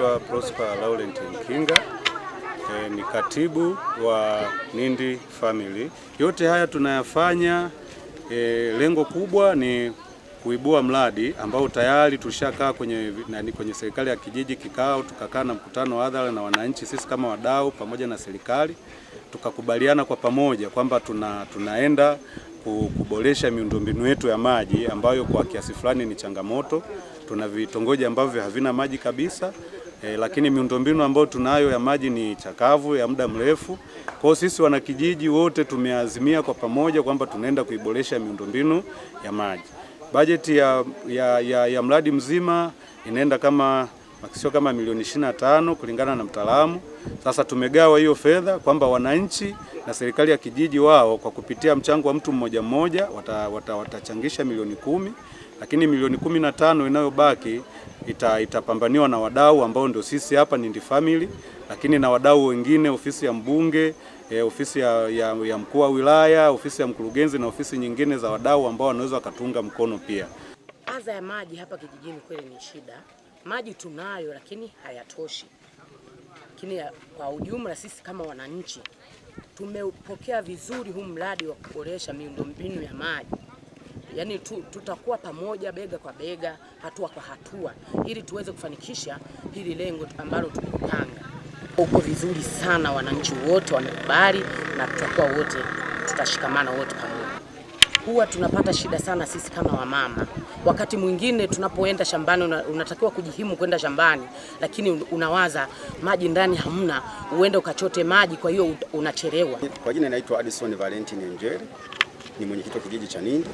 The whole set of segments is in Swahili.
naitwa Prosper Laurent Mkinga e, ni katibu wa Nindi Family. Yote haya tunayafanya e, lengo kubwa ni kuibua mradi ambao tayari tulishakaa kwenye, kwenye serikali ya kijiji kikao, tukakaa na mkutano wa hadhara na wananchi, sisi kama wadau pamoja na serikali, tukakubaliana kwa pamoja kwamba tuna, tunaenda kuboresha miundombinu yetu ya maji ambayo kwa kiasi fulani ni changamoto. Tuna vitongoji ambavyo havina maji kabisa. E, lakini miundombinu ambayo tunayo ya maji ni chakavu ya muda mrefu. Kwa hiyo sisi wanakijiji wote tumeazimia kwa pamoja kwamba tunaenda kuiboresha miundombinu ya maji. Bajeti ya, ya, ya, ya mradi mzima inaenda kama makisio kama milioni ishirini tano kulingana na mtaalamu. Sasa tumegawa hiyo fedha kwamba wananchi na serikali ya kijiji wao kwa kupitia mchango wa mtu mmoja mmoja watachangisha wata, wata milioni kumi, lakini milioni kumi na tano inayobaki ita, itapambaniwa na wadau ambao ndio sisi hapa Nindi Family, lakini na wadau wengine, ofisi ya mbunge e, ofisi ya, ya, ya mkuu wa wilaya, ofisi ya mkurugenzi na ofisi nyingine za wadau ambao wanaweza wakatunga mkono pia. Adha ya maji hapa kijijini kweli ni shida maji tunayo, lakini hayatoshi. Lakini kwa ujumla sisi kama wananchi tumepokea vizuri huu mradi wa kuboresha miundombinu ya maji. Yaani tu, tutakuwa pamoja bega kwa bega, hatua kwa hatua, ili tuweze kufanikisha hili lengo ambalo tumepanga Uko vizuri sana, wananchi wote wamekubali, na tutakuwa wote tutashikamana wote pamoja huwa tunapata shida sana sisi kama wamama. Wakati mwingine tunapoenda shambani unatakiwa kujihimu kwenda shambani, lakini unawaza maji ndani hamna, uende ukachote maji, kwa hiyo unachelewa. Kwa jina naitwa Addison Valentine Njeri, ni mwenyekiti wa kijiji cha Nindi.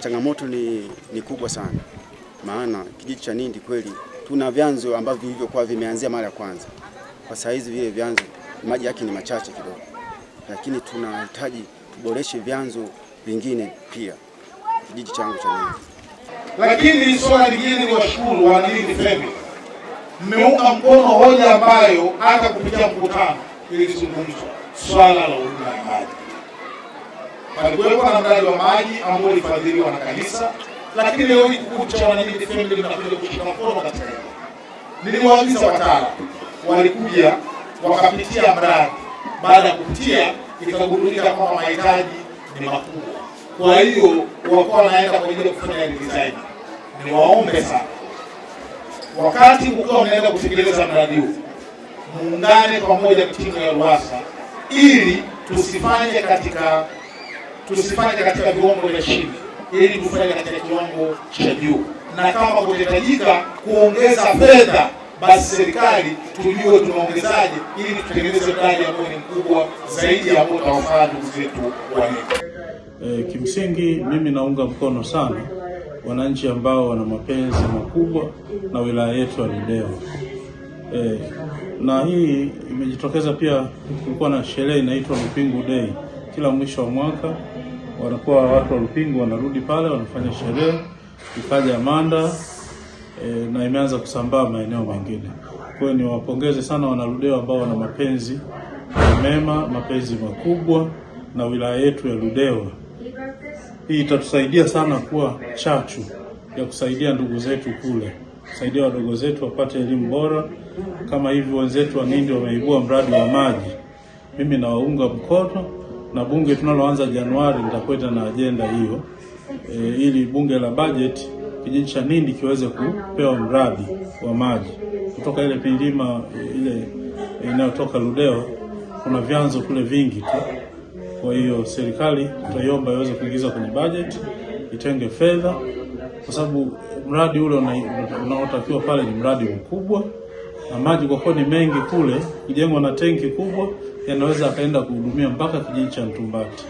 Changamoto ni, ni kubwa sana, maana kijiji cha Nindi kweli tuna vyanzo ambavyo vilivyokuwa vimeanzia mara ya kwanza. Kwa saa hizi vile vyanzo maji yake ni machache kidogo, lakini tunahitaji tuboreshe vyanzo vingine pia kijiji changu cha Nyingi. Lakini swala lingine ni washukuru waandishi FEMI, mmeunga mkono hoja ambayo hata kupitia mkutano ilizungumzwa, swala la huduma ya maji. Palikuwepo na mradi wa maji ambao ulifadhiliwa na kanisa, lakini leo kikundi cha waandishi FEMI linakuja kushika mkono katika hilo. Niliwaagiza wataalam, walikuja wakapitia mradi, baada ya kupitia ikagundulika kwamba mahitaji ni makubwa. Kwa hiyo wakuwa wanaenda kwa ajili ya kufanya design, niwaombe sana, wakati ukiwa unaenda kutekeleza mradi huu muungane pamoja na timu ya RUWASA ili tusifanye katika tusifanye katika viwango vya chini, ili tufanye katika kiwango cha juu, na kama kutahitajika kuongeza fedha basi serikali tujue tunaongezaje, ili tutengeneze mradi ambao ni mkubwa zaidi ya ambao utawafaa ndugu zetu E, Kimsingi mimi naunga mkono sana wananchi ambao wana mapenzi makubwa na wilaya yetu ya Ludewa. E, eh, na hii imejitokeza pia, kulikuwa na sherehe inaitwa Lupingu Day. Kila mwisho wa mwaka wanakuwa watu wa Lupingu wanarudi pale wanafanya sherehe, ikaja Manda e, na imeanza kusambaa maeneo mengine. Kwa hiyo niwapongeze sana wanaludewa ambao wana mapenzi mema, mapenzi makubwa na wilaya yetu ya Ludewa. Hii itatusaidia sana kuwa chachu ya kusaidia ndugu zetu kule, kusaidia wadogo zetu wapate elimu bora, kama hivi wenzetu wa Nindi wameibua mradi wa maji. Mimi nawaunga mkono na bunge tunaloanza Januari nitakwenda na ajenda hiyo e, ili bunge la bajeti kijiji cha Nindi kiweze kupewa mradi wa maji kutoka ile milima ile inayotoka Ludewa. Kuna vyanzo kule vingi tu, kwa hiyo serikali tutaiomba iweze kuingiza kwenye bajeti, itenge fedha, kwa sababu mradi ule unaotakiwa pale ni mradi mkubwa na maji kwa kweli ni mengi kule, kujengwa na tenki kubwa yanaweza akaenda kuhudumia mpaka kijiji cha Mtumbati.